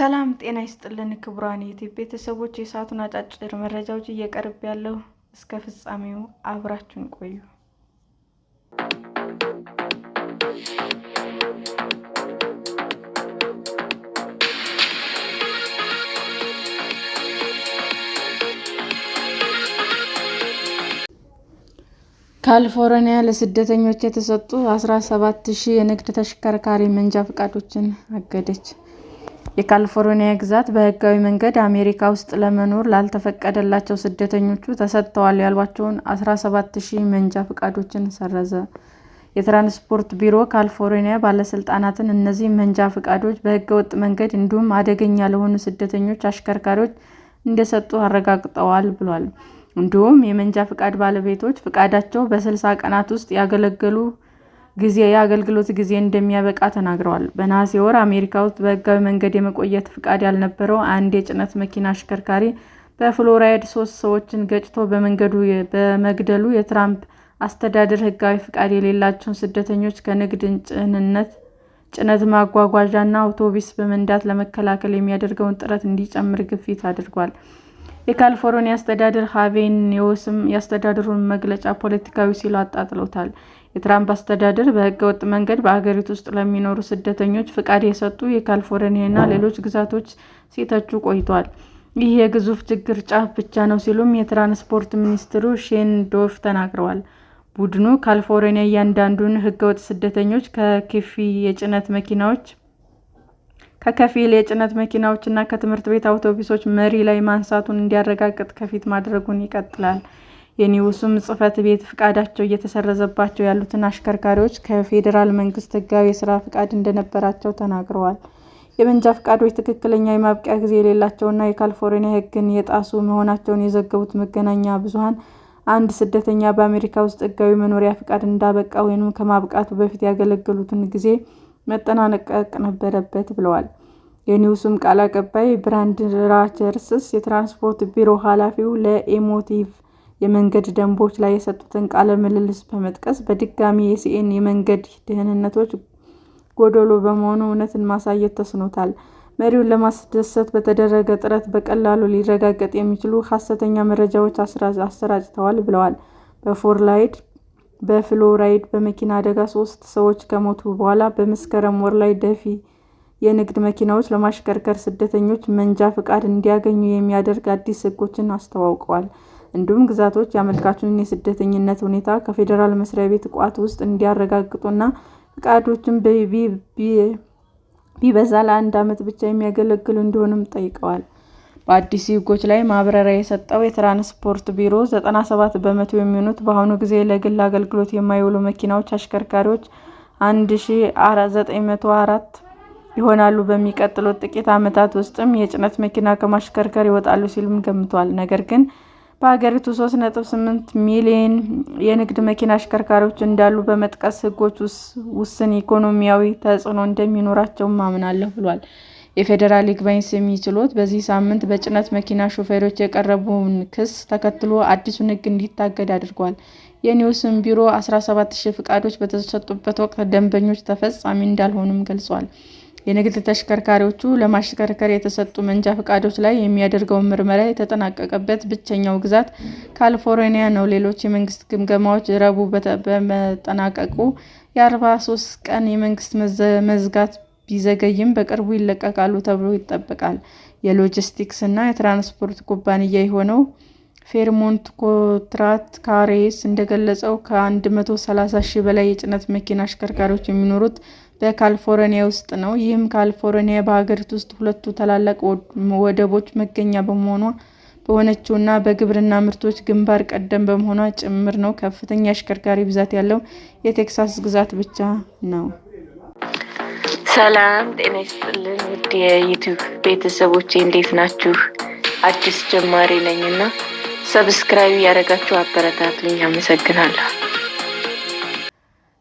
ሰላም ጤና ይስጥልን ክቡራን ዩቲዩብ ቤተሰቦች፣ የሰዓቱን አጫጭር መረጃዎች እየቀርብ ያለው እስከ ፍጻሜው አብራችሁን ቆዩ። ካሊፎርኒያ ለስደተኞች የተሰጡ 17 ሺህ የንግድ ተሽከርካሪ መንጃ ፈቃዶችን አገደች። የካሊፎርኒያ ግዛት በህጋዊ መንገድ አሜሪካ ውስጥ ለመኖር ላልተፈቀደላቸው ስደተኞቹ ተሰጥተዋል ያሏቸውን አስራ መንጃ ፈቃዶችን ሰረዘ። የትራንስፖርት ቢሮ ካሊፎርኒያ ባለስልጣናትን እነዚህ መንጃ ፈቃዶች ወጥ መንገድ እንዲሁም አደገኛ ለሆኑ ስደተኞች አሽከርካሪዎች እንደሰጡ አረጋግጠዋል ብሏል። እንዲሁም የመንጃ ፈቃድ ባለቤቶች ፈቃዳቸው በስልሳ ቀናት ውስጥ ያገለገሉ ጊዜ የአገልግሎት ጊዜ እንደሚያበቃ ተናግረዋል። በነሐሴ ወር አሜሪካ ውስጥ በህጋዊ መንገድ የመቆየት ፍቃድ ያልነበረው አንድ የጭነት መኪና አሽከርካሪ በፍሎራይድ ሶስት ሰዎችን ገጭቶ በመንገዱ በመግደሉ የትራምፕ አስተዳደር ህጋዊ ፍቃድ የሌላቸውን ስደተኞች ከንግድ ጭነት ጭነት ማጓጓዣ እና አውቶቡስ በመንዳት ለመከላከል የሚያደርገውን ጥረት እንዲጨምር ግፊት አድርጓል። የካሊፎርኒያ አስተዳደር ሐቬኒዮስም የአስተዳደሩን መግለጫ ፖለቲካዊ ሲሉ አጣጥለውታል። የትራምፕ አስተዳደር በህገ ወጥ መንገድ በአገሪቱ ውስጥ ለሚኖሩ ስደተኞች ፍቃድ የሰጡ የካሊፎርኒያና ሌሎች ግዛቶች ሲተቹ ቆይቷል። ይህ የግዙፍ ችግር ጫፍ ብቻ ነው ሲሉም የትራንስፖርት ሚኒስትሩ ሼን ዶፍ ተናግረዋል። ቡድኑ ካሊፎርኒያ እያንዳንዱን ህገወጥ ስደተኞች ከከፊል የጭነት መኪናዎች ከከፊል የጭነት መኪናዎችና ከትምህርት ቤት አውቶቡሶች መሪ ላይ ማንሳቱን እንዲያረጋግጥ ከፊት ማድረጉን ይቀጥላል። የኒውሱም ጽህፈት ቤት ፍቃዳቸው እየተሰረዘባቸው ያሉትን አሽከርካሪዎች ከፌዴራል መንግስት ህጋዊ የስራ ፍቃድ እንደነበራቸው ተናግረዋል። የመንጃ ፍቃዶች ትክክለኛ የማብቂያ ጊዜ የሌላቸውና የካሊፎርኒያ ሕግን የጣሱ መሆናቸውን የዘገቡት መገናኛ ብዙሀን አንድ ስደተኛ በአሜሪካ ውስጥ ሕጋዊ መኖሪያ ፍቃድ እንዳበቃ ወይም ከማብቃቱ በፊት ያገለገሉትን ጊዜ መጠናቀቅ ነበረበት ብለዋል። የኒውሱም ቃል አቀባይ ብራንድ ራቸርስስ የትራንስፖርት ቢሮ ኃላፊው ለኤሞቲቭ የመንገድ ደንቦች ላይ የሰጡትን ቃለ ምልልስ በመጥቀስ በድጋሚ የሲኤን የመንገድ ደህንነቶች ጎደሎ በመሆኑ እውነትን ማሳየት ተስኖታል። መሪውን ለማስደሰት በተደረገ ጥረት በቀላሉ ሊረጋገጥ የሚችሉ ሐሰተኛ መረጃዎች አሰራጭተዋል ብለዋል። በፍሎራይድ በመኪና አደጋ ሶስት ሰዎች ከሞቱ በኋላ በመስከረም ወር ላይ ደፊ የንግድ መኪናዎች ለማሽከርከር ስደተኞች መንጃ ፍቃድ እንዲያገኙ የሚያደርግ አዲስ ሕጎችን አስተዋውቀዋል። እንዲሁም ግዛቶች የአመልካቹን የስደተኝነት ሁኔታ ከፌዴራል መስሪያ ቤት ቋት ውስጥ እንዲያረጋግጡና ፈቃዶችን ቢበዛ ለአንድ ዓመት ብቻ የሚያገለግሉ እንዲሆንም ጠይቀዋል። በአዲስ ሕጎች ላይ ማብራሪያ የሰጠው የትራንስፖርት ቢሮ 97 በመቶ የሚሆኑት በአሁኑ ጊዜ ለግል አገልግሎት የማይውሉ መኪናዎች፣ አሽከርካሪዎች 1904 ይሆናሉ። በሚቀጥሉት ጥቂት ዓመታት ውስጥም የጭነት መኪና ከማሽከርከር ይወጣሉ ሲልም ገምቷል። ነገር ግን በሀገሪቱ 3.8 ሚሊዮን የንግድ መኪና አሽከርካሪዎች እንዳሉ በመጥቀስ ህጎች ውስን ኢኮኖሚያዊ ተጽዕኖ እንደሚኖራቸውም ማምናለሁ ብሏል። የፌዴራል ይግባኝ ሰሚ ችሎት በዚህ ሳምንት በጭነት መኪና ሾፌሮች የቀረበውን ክስ ተከትሎ አዲሱን ህግ እንዲታገድ አድርጓል። የኒውስን ቢሮ 17 ፈቃዶች በተሰጡበት ወቅት ደንበኞች ተፈጻሚ እንዳልሆኑም ገልጿል። የንግድ ተሽከርካሪዎቹ ለማሽከርከር የተሰጡ መንጃ ፈቃዶች ላይ የሚያደርገውን ምርመራ የተጠናቀቀበት ብቸኛው ግዛት ካሊፎርኒያ ነው። ሌሎች የመንግስት ግምገማዎች ረቡዕ በመጠናቀቁ የአርባ ሶስት ቀን የመንግስት መዝጋት ቢዘገይም በቅርቡ ይለቀቃሉ ተብሎ ይጠበቃል። የሎጂስቲክስ እና የትራንስፖርት ኩባንያ የሆነው ፌርሞንት ኮንትራት ካሬስ እንደገለጸው ከ130 ሺህ በላይ የጭነት መኪና አሽከርካሪዎች የሚኖሩት በካሊፎርኒያ ውስጥ ነው። ይህም ካሊፎርኒያ በሀገሪቱ ውስጥ ሁለቱ ታላላቅ ወደቦች መገኛ በመሆኗ በሆነችውና በግብርና ምርቶች ግንባር ቀደም በመሆኗ ጭምር ነው። ከፍተኛ አሽከርካሪ ብዛት ያለው የቴክሳስ ግዛት ብቻ ነው። ሰላም ጤና ይስጥልን ውድ የዩቱብ ቤተሰቦች እንዴት ናችሁ? አዲስ ጀማሪ ነኝና ሰብስክራይብ ያደረጋችሁ ልኝ አመሰግናለሁ።